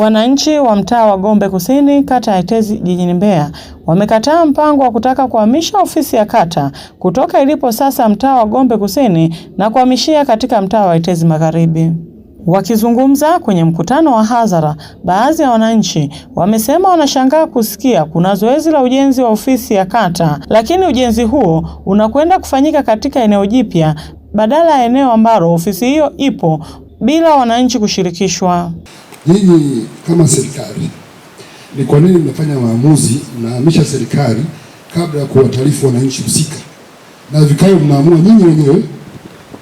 Wananchi wa mtaa wa Gombe Kusini, kata ya Itezi jijini Mbeya wamekataa mpango wa kutaka kuhamisha ofisi ya kata kutoka ilipo sasa mtaa wa Gombe Kusini na kuhamishia katika mtaa wa Itezi Magharibi. Wakizungumza kwenye mkutano wa hadhara, baadhi ya wananchi wamesema wanashangaa kusikia kuna zoezi la ujenzi wa ofisi ya kata, lakini ujenzi huo unakwenda kufanyika katika eneo jipya badala ya eneo ambalo ofisi hiyo ipo bila wananchi kushirikishwa nyinyi kama serikali, ni kwa nini mnafanya maamuzi, mnahamisha serikali kabla ya kuwataarifu wananchi husika, na vikao mnaamua nyinyi wenyewe?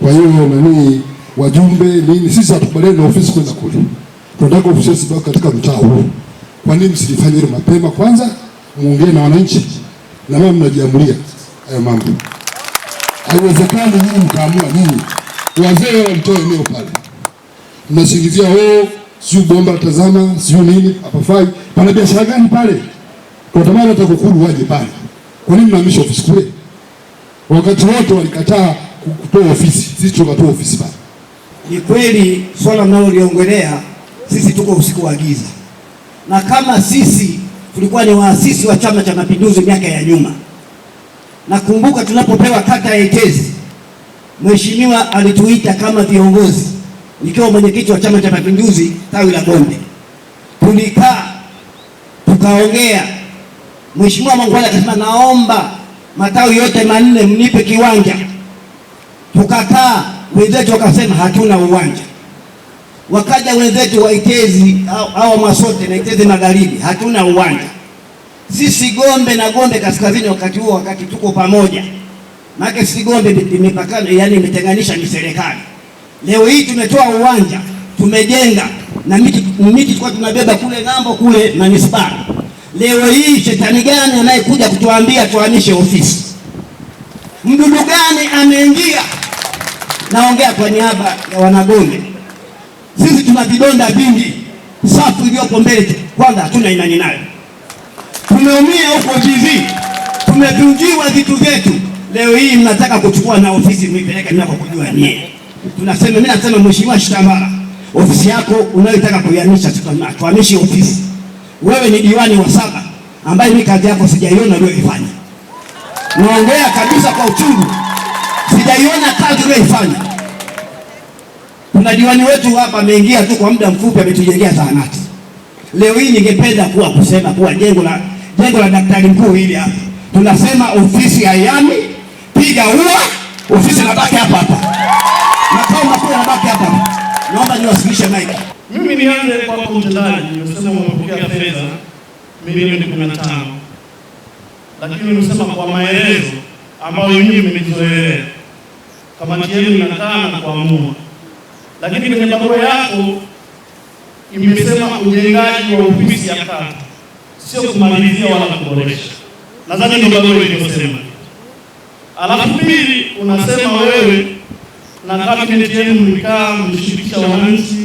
Kwa hiyo nani wajumbe nini, sisi hatukubaliani na ofisi kwenda kule, tunataka ofisi yetu katika mtaa huu. Kwa nini msilifanye hilo mapema kwanza, muongee na wananchi, na mama mnajiamulia hayo mambo. Haiwezekani nyinyi mkaamua nyinyi, wazee walitoa eneo pale, mnasingizia wewe sijui bomba tazama, sijui nini, hapafai. Pana biashara gani pale? Tunatamani hata kukuru waje pale. Kwa nini mnahamisha ofisi kule? Wakati wote walikataa kutoa ofisi, sisi tukatoa ofisi pale. Ni kweli swala mnaloliongelea, sisi tuko usiku wa giza, na kama sisi tulikuwa ni waasisi wa Chama cha Mapinduzi miaka ya nyuma. Nakumbuka tunapopewa kata ya Itezi, mheshimiwa alituita kama viongozi nikiwa mwenyekiti wa Chama cha Mapinduzi tawi la gombe tulikaa tukaongea. Mheshimiwa Mangwale akasema naomba matawi yote manne mnipe kiwanja. Tukakaa, wenzetu wakasema hatuna uwanja. Wakaja wenzetu waitezi au, au Masote na Itezi Magharibi, hatuna uwanja. Sisi Gombe na Gombe Kaskazini wakati huo, wakati tuko pamoja, maana Sigombe imepakana, yani imetenganisha ni serikali Leo hii tumetoa uwanja, tumejenga na miti miti tulikuwa tunabeba kule ng'ambo kule manispaa. Leo hii shetani gani anayekuja kutuambia tuhamishe ofisi? Mdudu gani ameingia? Naongea kwa niaba ya Wanagombe, sisi tuna vidonda vingi. Safu iliyopo mbele kwanza hatuna imani nayo, tumeumia huko vivi, tumevunjiwa vitu vyetu. Leo hii mnataka kuchukua na ofisi mnako kujua nyie tunasema, mimi nasema mheshimiwa Shitambala, ofisi yako unayotaka kuianisha, tuhamishe ofisi. Wewe ni diwani wa saba ambaye mimi kazi yako sijaiona uliyoifanya. Naongea kabisa kwa uchungu, sijaiona kazi uliyoifanya. Kuna diwani wetu hapa ameingia tu kwa muda mfupi, ametujengea zahanati. Leo hii ningependa kuwa kusema kuwa jengo la jengo la daktari mkuu hili hapa, tunasema ofisi ya yami, piga ua, ofisi nabaki hapa hapa hakuna anabaki hapa. Naomba niwasilishe mike. Mimi nianze kwa hapo mtendaji, nimesema umepokea fedha milioni 15. Lakini nimesema kwa maelezo ambayo nyinyi mmejizoelea. Kamati yenu inakaa na kuamua. Lakini kwenye barua yako imesema ujengaji wa ofisi ya kata sio kumalizia wala kuboresha. Nadhani ndio barua iliyosema. Alafu pili unasema wewe na kabineti yenu mlikaa mlishirikisha wananchi,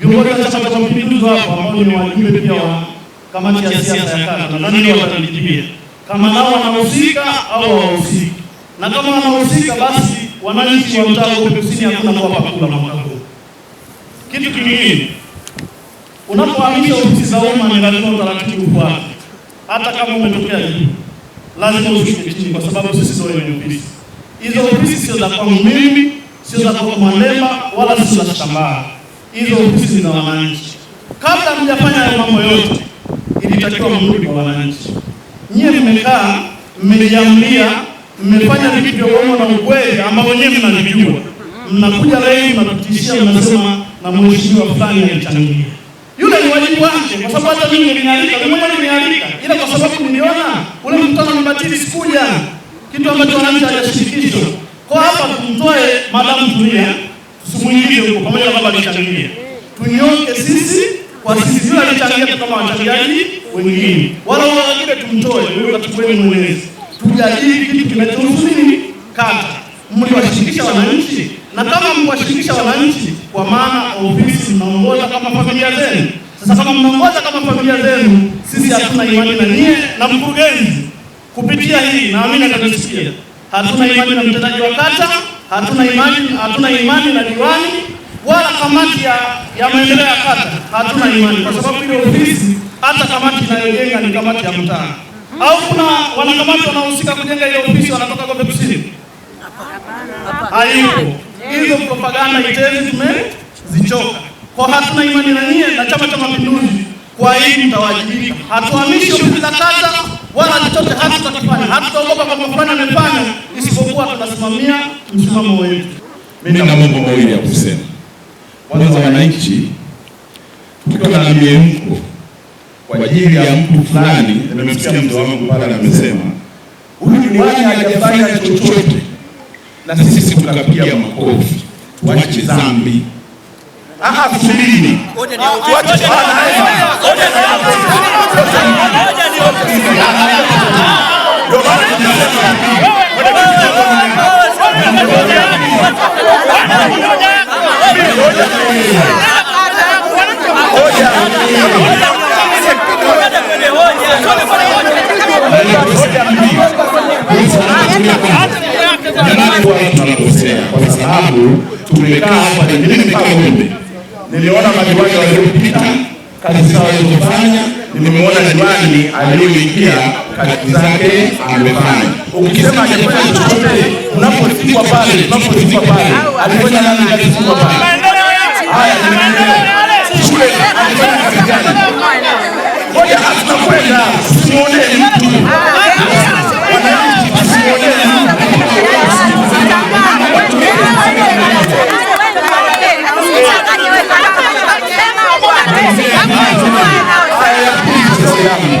viongozi wa Chama cha Mapinduzi hapo ambao ni wajumbe pia wa kamati ya siasa ya kata, nadhani watanijibia kama nao wanahusika au hawahusiki, na kama wanahusika basi wananchi wa mtaa Gope Kusini hakuna kuwapa kula mwaka huu. Kitu kingine, unapohamisha ofisi za umma ni lazima utaratibu ufuate, hata kama umetokea juu lazima ushuke chini, kwa sababu sisi sio wenye ofisi Hizo ofisi sio za kwangu mimi, sio za kwa Mwanema wala sio za Shambaa. Hizo ofisi ni za wananchi. Kabla mjafanya hayo mambo yote, ilitakiwa mrudi kwa wananchi. Nyie mmekaa mmejamlia, mmefanya vitu vya uongo na ukweli ambao nyie mnavijua, mnakuja leo mnatutishia, mnasema na mheshimiwa fulani alichangia. Yule ni wajibu wake, kwa sababu hata mimi nilialika, mimi nilialika, ila kwa sababu niliona ule mkutano mbatili sikuja kitu ambacho wananchi hajashirikishwa. Kwa hapa tumtoe Madamu Tulia, tusimuingize huko, pamoja kwamba amechangia, tunyonge sisi kwa sisi, sio alichangia kama wachangiaji wengine, wala wengine tumtoe wewe, katukweni mwenezi, tujadili kitu kinachohusu nini kata mliwashirikisha wananchi na kama mkiwashirikisha wananchi, kwa maana ofisi mnaongoza kama familia zenu. Sasa kama mnaongoza kama familia zenu, sisi hatuna imani na nyie na mkurugenzi Kupitia hii naamini atanisikia. Hatuna imani na mtendaji wa kata, hatuna imani, hatuna imani na diwani wala kamati ya, ya maendeleo ya kata hatuna imani, kwa sababu ile ofisi hata kamati inayojenga ni kamati ya mtaa. Hmm. Au kuna wanakamati wanaohusika kujenga ile ofisi wanatoka Gombe Kusini? Hayupo. Hizo propaganda itezi tumezichoka, kwa hatuna imani na nyie na Chama cha Mapinduzi. Kwa hili mtawajibika. Hatuhamishi kila kata wala chochote hatutakifanya, hatutaogopa kwa kufanya amefanya, isipokuwa tutasimamia msimamo wetu. Mimi na mambo mawili ya kusema. Kwanza, wananchi tukiwa na miemko kwa ajili ya mtu fulani, nimemsikia mzee wangu pale amesema huyu diwani hajafanya chochote, na sisi tukapiga makofi, tuache dhambi tusubirini kwa sababu tumekaa hapa na mimi kama ng'ombe niliona madiwani waliopita kazi zao walizofanya, nimeona diwani aliyoingia kazi zake amefanya. Ukisema hajafanya chochote, unapofika pale, unapofika pale, alifanya nani kazi kubwa pale? Haya, nimeona shule alifanya kazi gani? Ngoja hatunakwenda, simuone mtu yangu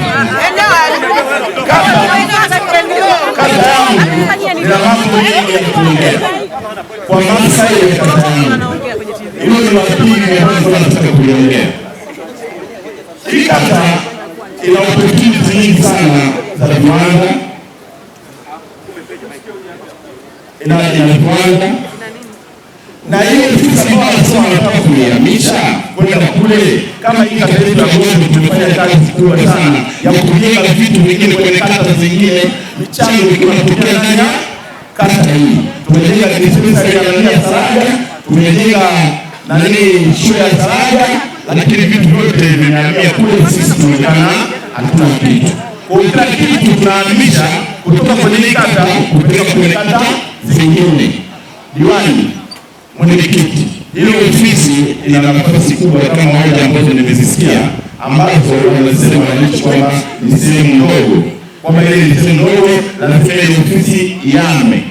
ina mambo mengi Hilo ni la pili ambalo nataka kuliongea. Hii kata ina opportunities nyingi sana za viwanda, ina viwanda wanasema wanataka kuihamisha kwenda kule. Kama hii kata yetu ya Gombe tumefanya kazi kubwa sana ya kujenga vitu vingine kwenye kata zingine, michango ikiwa natokea ndani ya kata hii. Tumejenga dispensari ya nani ya Saraga, tumejenga nani shule ya Saraga, lakini vitu vyote vimehamia kule. Sisi tunaonekana hatuna kitu kila kitu tunahamisha kutoka kwenye kata kupeleka kwenye kata zingine. Diwani, mwenyekiti hiyo ofisi ina nafasi kubwa kama hoja ambazo nimezisikia ambazo wanasema wananchi kwamba ni sehemu ndogo, kwamba ile ni sehemu ndogo, lazima ile ofisi yame,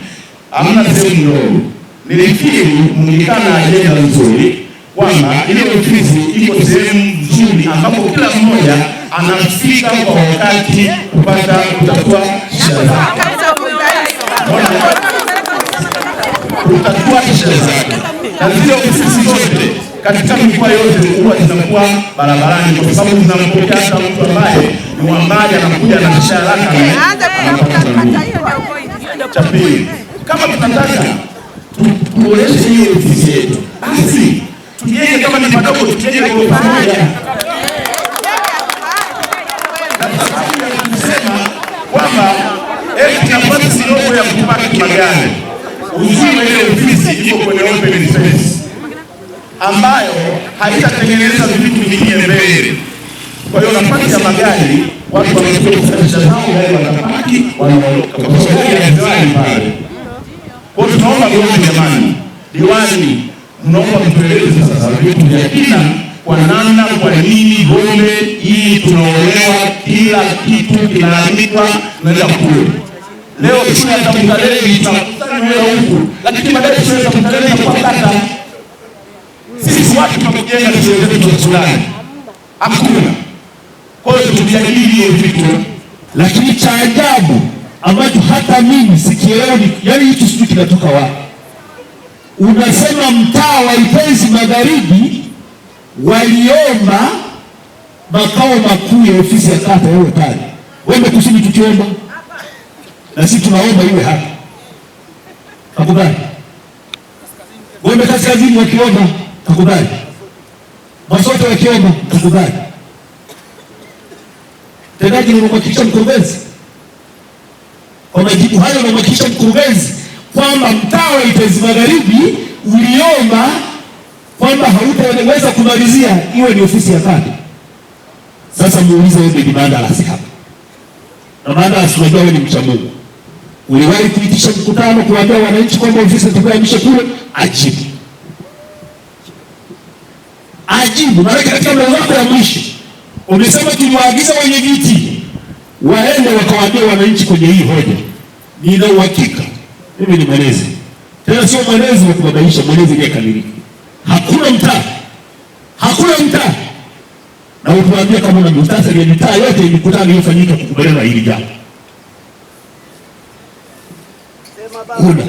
hamna sehemu ndogo. Nilifikiri mngekana na ajenda nzuri kwamba ile ofisi iko sehemu nzuri ambapo kila mmoja anafika kwa wakati kupata kutatua shida zake, kutatua shida zake na zile ofisi zote katika mikoa yote huwa zinakuwa barabarani, kwa sababu tunampokea hata mtu ambaye ni wa mbali anakuja na mishahara yake. Cha pili, kama tunataka tuboreshe hiyo ofisi yetu, basi tujenge kama ni madogo, tujenge kwa pamoja. kusema kwamba tunapata eh, silogo ya kupaki magari uzuri wa ile ofisi iko kwenye open space ambayo haitatengeneza vitu vingine mbele. Kwa hiyo nafasi ya magari watu wanakuja kusafisha zao, gari wanapaki, wanaondoka kwa sababu ya gari pale. Kwa hiyo tunaomba viongozi, jamani, diwani, mnaomba mtueleze sasa vitu vya kina kwa namna, kwa nini Gombe hii tunaolewa, kila kitu kinaanikwa, naenda kule leo shule ya Tambukareli hata sisi watu tumejenga Hakuna. Kwa hiyo tujadili hiyo vitu, lakini cha ajabu ambacho hata mimi sikielewi, yaani hicho sijui kinatoka wapi. Unasema mtaa wa Ipenzi Magharibi waliomba makao makuu ya ofisi ya kata yawe pale, Wembe kusini tukiomba na sisi tunaomba iwe hapa kakubali. Gombe Kaskazini wakiomba kakubali. Masota wakiomba kakubali. Tendaji nimemhakikisha mkurugenzi kwa majibu hayo, namhakikisha mkurugenzi kwamba mtaa wa Itezi Magharibi uliomba kwamba hautaweza kumalizia iwe ni ofisi ya kata. Sasa muulize Obedi Mandalas hapa na Mandalas, unajua wewe ni mcha Mungu Uliwahi kuitisha mkutano kuwaambia wananchi kwamba ofisi zituamishe kule? Ajibu, ajibu. Maana katika mara yako ya mwisho umesema tuliwaagiza wenye viti waende wakawaambia wananchi kwenye hii hoja. Nina uhakika mimi ni mwelezi, tena sio mwelezi wa kubabaisha, mwelezi aliyekamilika. Hakuna mtaa, hakuna mtaa na utuambia kama na muhtasari ya mitaa yote ilikutana iliyofanyika kukubaliana na hili jambo huna.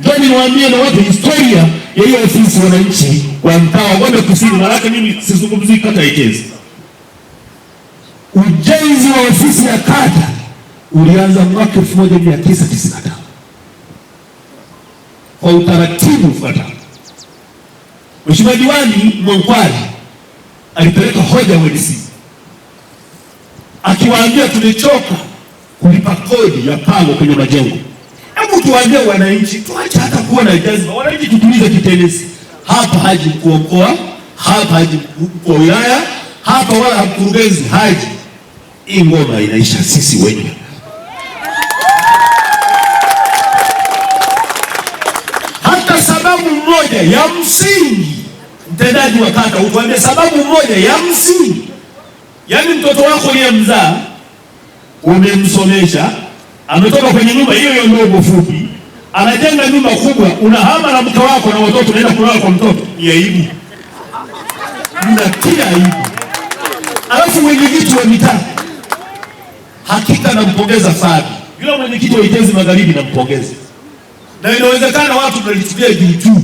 Ndio niwaambie na watu historia ya hiyo ofisi wananchi wa mtaa wa Gombe Kusini, maanake mimi sizungumzii kata Ikezi. Ujenzi wa ofisi ya kata ulianza mwaka 1995 kwa utaratibu ufuatao. Mheshimiwa Diwani Mwankwali alipeleka hoja WDC akiwaambia tumechoka kulipa kodi ya pango kwenye majengo Hebu tuambie wananchi, tuache hata kuwa na jazba. Wananchi tutulize kitenesi hapa. Haji mkuu wa mkoa hapa, haji mkuu wa wilaya hapa, wala mkurugenzi haji. Hii ngoma inaisha sisi wenyewe. Hata sababu moja ya msingi, mtendaji wa kata, utuambie sababu moja ya msingi. Yaani mtoto wako uliyemzaa umemsomesha ametoka kwenye nyumba hiyo hiyo ndogo fupi, anajenga nyumba kubwa, unahama na mke wako na watoto, unaenda kulala kwa mtoto. Ni aibu, mnatia aibu. Alafu mwenyekiti wa mitaa, hakika nampongeza sana yule mwenyekiti wa Itezi Magharibi, nampongeza na inawezekana watu tunalichukulia juu juu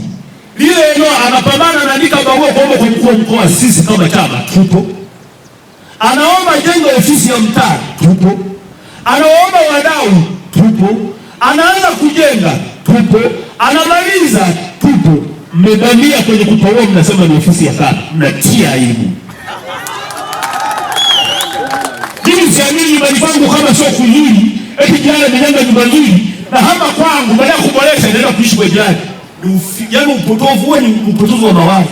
lile eneo, anapambana anaandika barua kuomba kwa mkuu wa mkoa. Sisi kama chama tupo, anaomba jenga ofisi ya mtaa, tupo anaomba wadau, tupo, anaanza kujenga, tupo, anamaliza, tupo. Mmebamia kwenye kupaua, mnasema ni ofisi ya kata, mnatia aibu. Mimi siamini nyumbani kwangu kama sio kuzuri, eti jana nimejenga nyumba nzuri na hapa kwangu, baada ya kuboresha naenda kuishi kwa jirani. Yaani upotovu huo ni upotovu wa mawazo.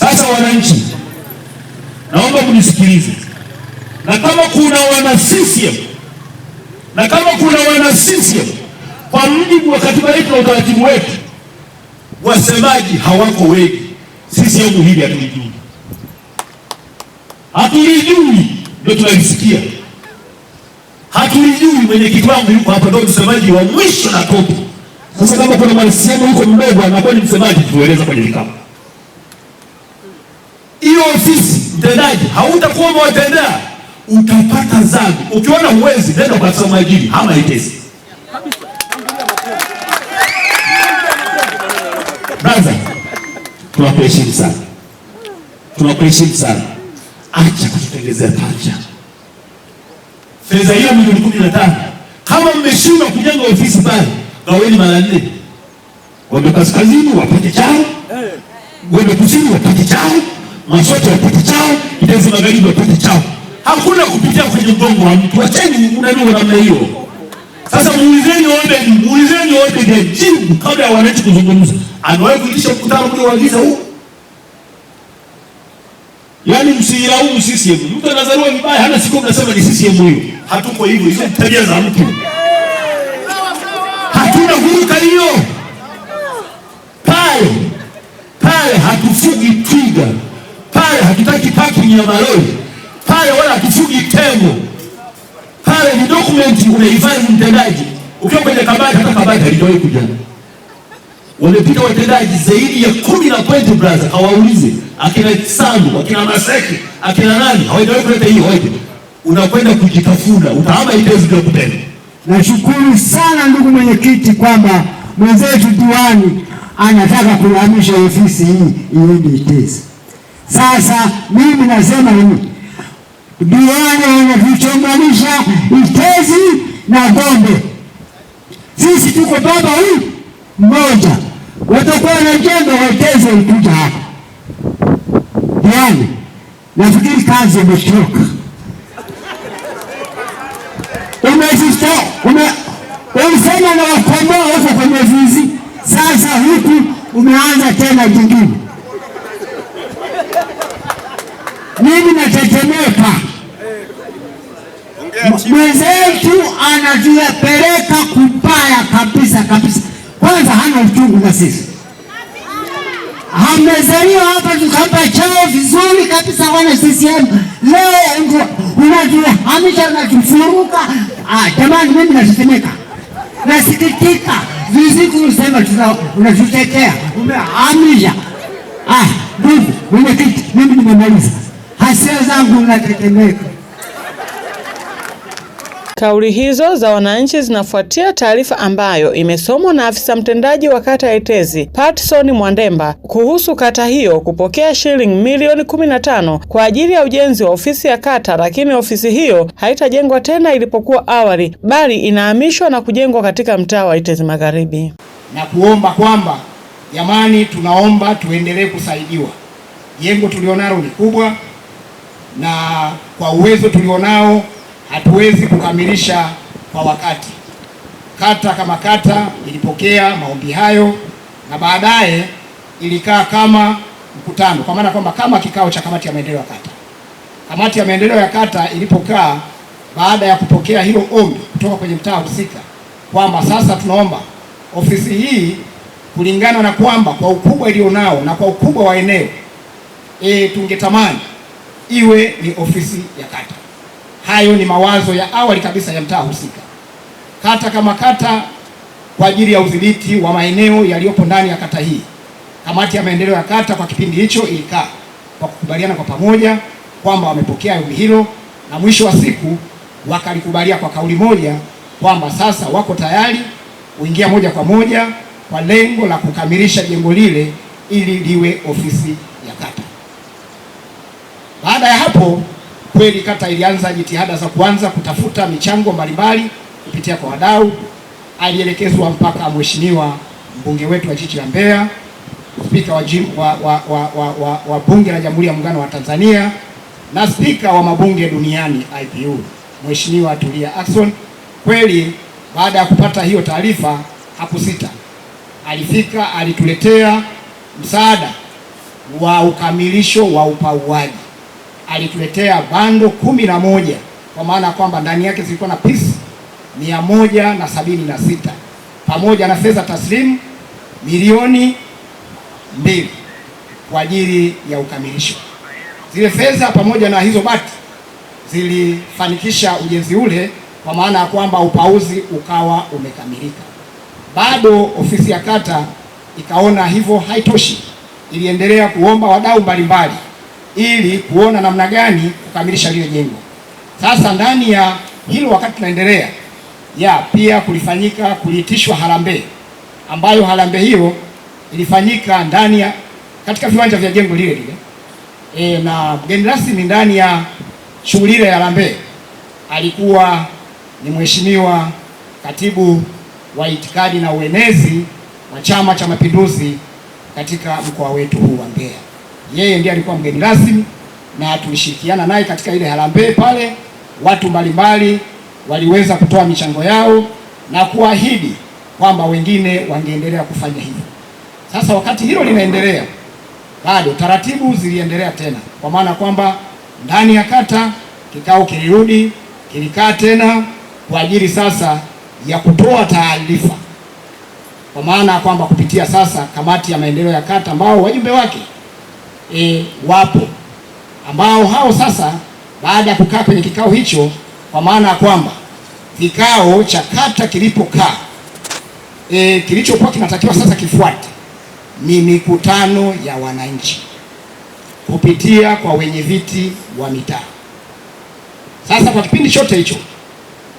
Sasa wananchi, naomba mnisikilize na kama kuna wana CCM na kama kuna wana CCM kwa mujibu wa katiba yetu na utaratibu wetu, wasemaji hawako wengi. CCM hili hatulijui, hatulijui ndio tunalisikia, hatulijui. Mwenyekiti wangu yuko hapa, ndio msemaji wa mwisho na topu. Sasa kama kuna mwanasiasa yuko mdogo anakuwa ni msemaji, tueleza kwenye vikapu hiyo ofisi mtendaji hautakuwa mwatendaji utaipata zangu. Ukiona uwezi nenda kwa afisa mwajiri ama itesi braza, tunakuheshimu sana, tunakuheshimu sana. Acha kututengezea pacha. Fedha hiyo milioni kumi na tano kama mmeshindwa kujenga ofisi pale, gaweni mara nne. Wende kaskazini wapate chao, wende kusini wapate chao, Masota wapate chao, Itezi magharibi wapate chao hakuna kupitia kwenye mgongo wa mtu. Wacheni Mungu namna hiyo. Sasa muulizeni ombe, muulizeni ombe je, jibu kabla ya wananchi kuzungumza. Anawahi kuitisha mkutano kule wa giza huu? Yaani msiilaumu CCM. Mtu anazaliwa vibaya, hana siku mnasema ni CCM huyo. Hatuko hivyo, hizo tabia za mtu. Hatuna huruka hiyo. Pale pale hatufugi twiga. Pale hatutaki parking ya malori pale, wala hatufungi tengo pale, ni dokumenti unaifanya mtendaji. Ukiwa kwenye kabati. hata kabati haijawahi kuja, wamepita watendaji zaidi ya kumi na pointi, brother, hawaulize akina Sandu, akina Maseki, akina nani, hawajawahi kuleta hiyo hoja. Unakwenda kujitafuna, utaama itezi ndio kutenda. Nashukuru sana ndugu mwenyekiti kwamba mwenzetu diwani anataka kuhamisha ofisi hii iende Itezi. Sasa mimi nasema hivi Duara anavyochonganisha Itezi na Gombe. Sisi tuko baba huyu mmoja, watakuwa na jengo Waitezi walikuja hapa. Yani nafikiri kazi imechoka, ulisema na wakomboa wako kwenye vizi, sasa huku umeanza tena jingine. Mimi natetemeka mwenzetu anajipeleka kubaya kabisa kabisa. Kwanza hana uchungu na sisi, amezaliwa hapa tukapa chao vizuri kabisa. Wana CCM leo unajihamisha unakifuruka. Ah, jamani, mimi natetemeka, nasikitika viziku usema unatutetea umeamisha. Ah, ndugu mwenyekiti, mimi nimemaliza, hasia zangu natetemeka Kauli hizo za wananchi zinafuatia taarifa ambayo imesomwa na afisa mtendaji wa kata ya Itezi Patson Mwandemba kuhusu kata hiyo kupokea shilingi milioni kumi na tano kwa ajili ya ujenzi wa ofisi ya kata, lakini ofisi hiyo haitajengwa tena ilipokuwa awali, bali inahamishwa na kujengwa katika mtaa wa Itezi Magharibi, na kuomba kwamba jamani, tunaomba tuendelee kusaidiwa. Jengo tulionalo ni kubwa na kwa uwezo tulionao hatuwezi kukamilisha kwa wakati. Kata kama kata ilipokea maombi hayo na baadaye ilikaa kama mkutano, kwa maana kwamba kama kikao cha kamati ya maendeleo ya kata. Kamati ya maendeleo ya kata ilipokaa baada ya kupokea hilo ombi kutoka kwenye mtaa husika kwamba sasa tunaomba ofisi hii kulingana na kwamba kwa ukubwa ilionao na kwa ukubwa wa eneo e, tungetamani iwe ni ofisi ya kata. Hayo ni mawazo ya awali kabisa ya mtaa husika, kata kama kata, kwa ajili ya udhibiti wa maeneo yaliyopo ndani ya kata hii. Kamati ya maendeleo ya kata kwa kipindi hicho ilikaa kwa kukubaliana kwa pamoja kwamba wamepokea ombi hilo, na mwisho wa siku wakalikubalia kwa kauli moja kwamba sasa wako tayari kuingia moja kwa moja kwa lengo la kukamilisha jengo lile ili liwe ofisi ya kata. Baada ya hapo Kweli kata ilianza jitihada za kuanza kutafuta michango mbalimbali kupitia kwa wadau. Alielekezwa mpaka mheshimiwa mbunge wetu wa jiji la Mbeya, spika wa, wa, wa, wa, wa, wa bunge la Jamhuri ya Muungano wa Tanzania na spika wa mabunge duniani IPU Mheshimiwa Tulia Ackson. Kweli baada ya kupata hiyo taarifa hakusita, alifika, alituletea msaada wa ukamilisho wa upauaji alituletea bando kumi na moja kwa maana kwamba ndani yake zilikuwa na pisi mia moja na sabini na sita pamoja na fedha taslimu milioni mbili kwa ajili ya ukamilisho. Zile fedha pamoja na hizo bati zilifanikisha ujenzi ule, kwa maana ya kwamba upauzi ukawa umekamilika. Bado ofisi ya kata ikaona hivyo haitoshi, iliendelea kuomba wadau mbalimbali ili kuona namna gani kukamilisha lile jengo. Sasa ndani ya hilo, wakati tunaendelea ya pia kulifanyika kuliitishwa harambee, ambayo harambee hiyo ilifanyika ndani ya katika viwanja vya jengo lile lile e, na mgeni rasmi ndani ya shughuli ile ya harambee alikuwa ni mheshimiwa katibu wa itikadi na uenezi wa Chama cha Mapinduzi katika mkoa wetu huu wa Mbeya. Yeye ndiye alikuwa mgeni rasmi na tulishirikiana naye katika ile harambee pale. Watu mbalimbali waliweza kutoa michango yao na kuahidi kwamba wengine wangeendelea kufanya hivyo. Sasa wakati hilo linaendelea, bado taratibu ziliendelea tena, kwa maana kwamba ndani ya kata kikao kilirudi kilikaa tena kwa ajili sasa ya kutoa taarifa, kwa maana kwamba kupitia sasa kamati ya maendeleo ya kata ambao wajumbe wake e, wapo ambao hao sasa, baada ya kukaa kwenye kikao hicho, kwa maana ya kwamba kikao cha kata kilipokaa, e, kilichokuwa kinatakiwa sasa kifuate ni mikutano ya wananchi kupitia kwa wenye viti wa mitaa. Sasa kwa kipindi chote hicho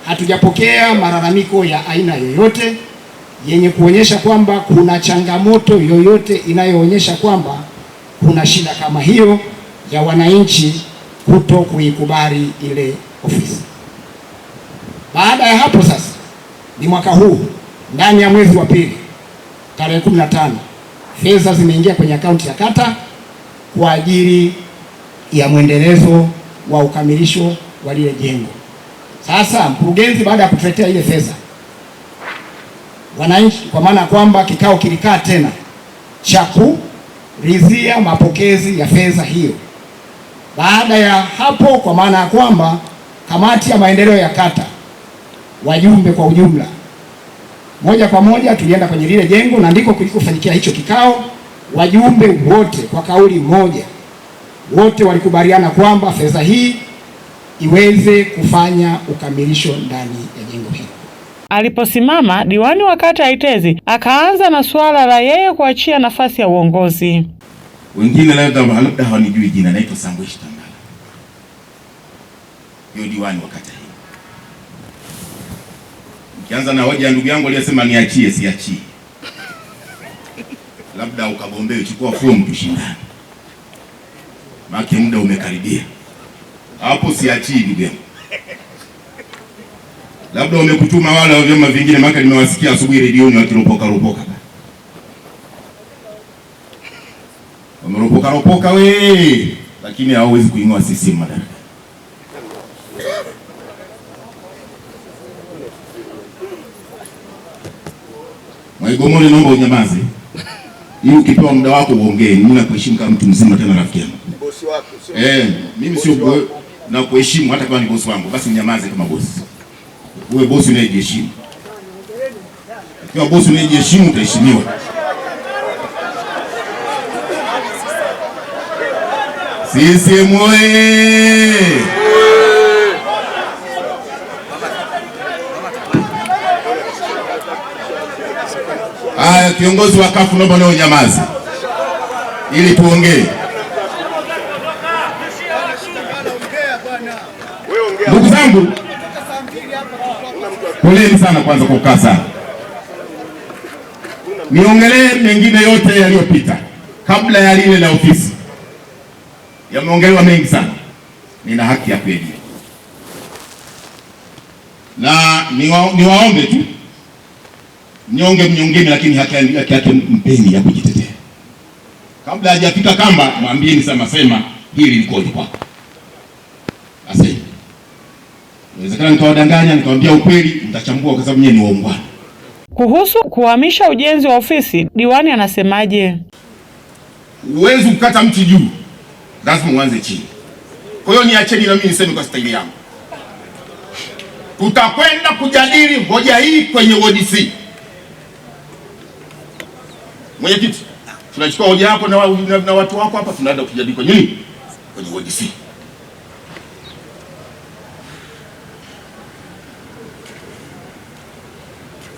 hatujapokea malalamiko ya aina yoyote yenye kuonyesha kwamba kuna changamoto yoyote inayoonyesha kwamba kuna shida kama hiyo ya wananchi kuto kuikubali ile ofisi. Baada ya hapo sasa, ni mwaka huu ndani ya mwezi wa pili tarehe 15 fedha zimeingia kwenye akaunti ya kata kwa ajili ya mwendelezo wa ukamilisho wa lile jengo. Sasa mkurugenzi, baada ya kutuletea ile fedha wananchi, kwa maana kwamba kikao kilikaa tena cha ridhia mapokezi ya fedha hiyo. Baada ya hapo, kwa maana ya kwamba kamati ya maendeleo ya kata, wajumbe kwa ujumla, moja kwa moja tulienda kwenye lile jengo na ndiko kulikofanyikia hicho kikao. Wajumbe wote kwa kauli moja, wote walikubaliana kwamba fedha hii iweze kufanya ukamilisho ndani ya jengo hili. Aliposimama, diwani wa kata ya Itezi akaanza na suala la yeye kuachia nafasi ya uongozi. Wengine labda hawanijui jina, naitwa Sangweshi Tambala, hiyo diwani wa kata hii. Nikianza na hoja ya ndugu yangu aliyesema niachie, siachie, labda ukagombee, chukua fomu tushindane, maana muda umekaribia hapo, siachii ndugu yangu labda wamekutuma wale wa vyama vingine, maana nimewasikia asubuhi redioni wakiropoka ropoka, wameropoka ropoka we, lakini hawawezi kuing'oa sisi madaraka. Mwaigomoni, naomba unyamaze hii, ukipewa muda wako uongee. Mimi nakuheshimu kama mtu mzima, tena rafiki yangu, bosi wako. sio? Eh, mimi sio na kuheshimu, hata kama ni bosi wangu, basi unyamaze kama bosi uwe bosi unayejiheshimu. Ukiwa bosi unayejiheshimu utaheshimiwa. CCM oyee! Haya, kiongozi wa kafu naomba nao nyamazi ili tuongee. Poleni sana kwanza kwa kukaa sana. Niongelee mengine yote yaliyopita kabla ya lile la ofisi, yameongelewa mengi sana. Nina haki ya kuelia na niwaombe tu mnyonge mnyongeni, lakini haki yake mpeni ya kujitetea. Kabla hajafika kamba, mwambieni sema sema hili likoje kwako. Inawezekana nikawadanganya nikawambia ukweli, mtachambua kwa sababu nyie ni waungwana. Kuhusu kuhamisha ujenzi wa ofisi, diwani anasemaje? Huwezi kukata mti juu, lazima uanze chini. Kwa hiyo niacheni na mimi niseme kwa staili yangu. Tutakwenda kujadili hoja hii kwenye ODC. mwenye Mwenyekiti, tunachukua hoja yako na, na, na watu wako hapa tunaenda kujadili kwenye nini? Kwenye ODC.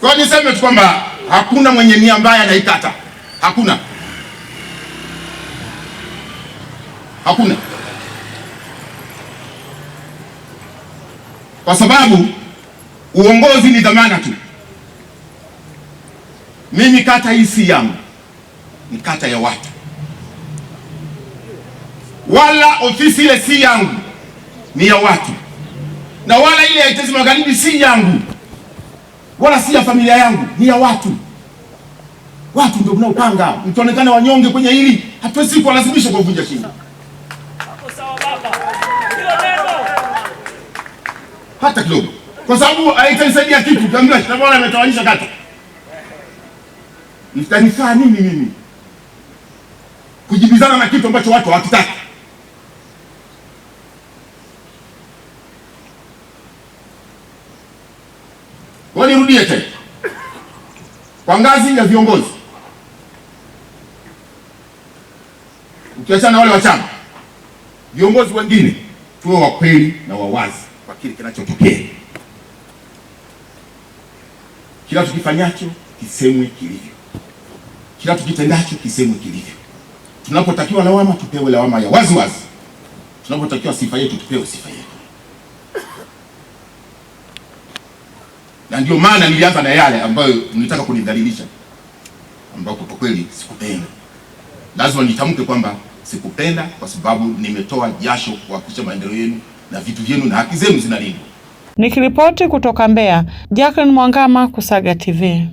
Kwa hiyo niseme tu kwamba hakuna mwenye nia mbaya anaikata, hakuna hakuna, kwa sababu uongozi ni dhamana tu. Mimi kata hii si yangu, ni kata ya watu, wala ofisi ile si yangu, ni ya watu, na wala ile ya Itezi Magharibi si yangu wala si ya familia yangu, ni ya watu. Watu ndio mnaopanga mkionekana wanyonge kwenye hili. Hatuwezi kuwalazimisha kuvunja shingo. Hata kidogo, kwa sababu haitanisaidia kitu. Ukiambiwa shikamoo ametawanisha kata, mtanifaa nini mimi kujibizana na kitu ambacho watu hawakitaka? Kwa nirudie tena, kwa ngazi ya viongozi, ukiachana wale wa chama, viongozi wengine tuwe wa kweli na wawazi kwa kile kinachotokea. Kila tukifanyacho kisemwe kilivyo, kila tukitendacho kisemwe kilivyo. Tunapotakiwa lawama, tupewe lawama ya wazi wazi, tunapotakiwa sifa yetu, tupewe sifa yetu. na ndio maana nilianza na yale ambayo mlitaka kunidhalilisha, ambayo kwa kweli sikupenda. Lazima nitamke kwamba sikupenda, kwa sababu nimetoa jasho kuhakikisha maendeleo yenu na vitu vyenu na haki zenu zinalindwa. Nikiripoti kutoka Mbeya, Jacqueline Mwangama, Kusaga TV.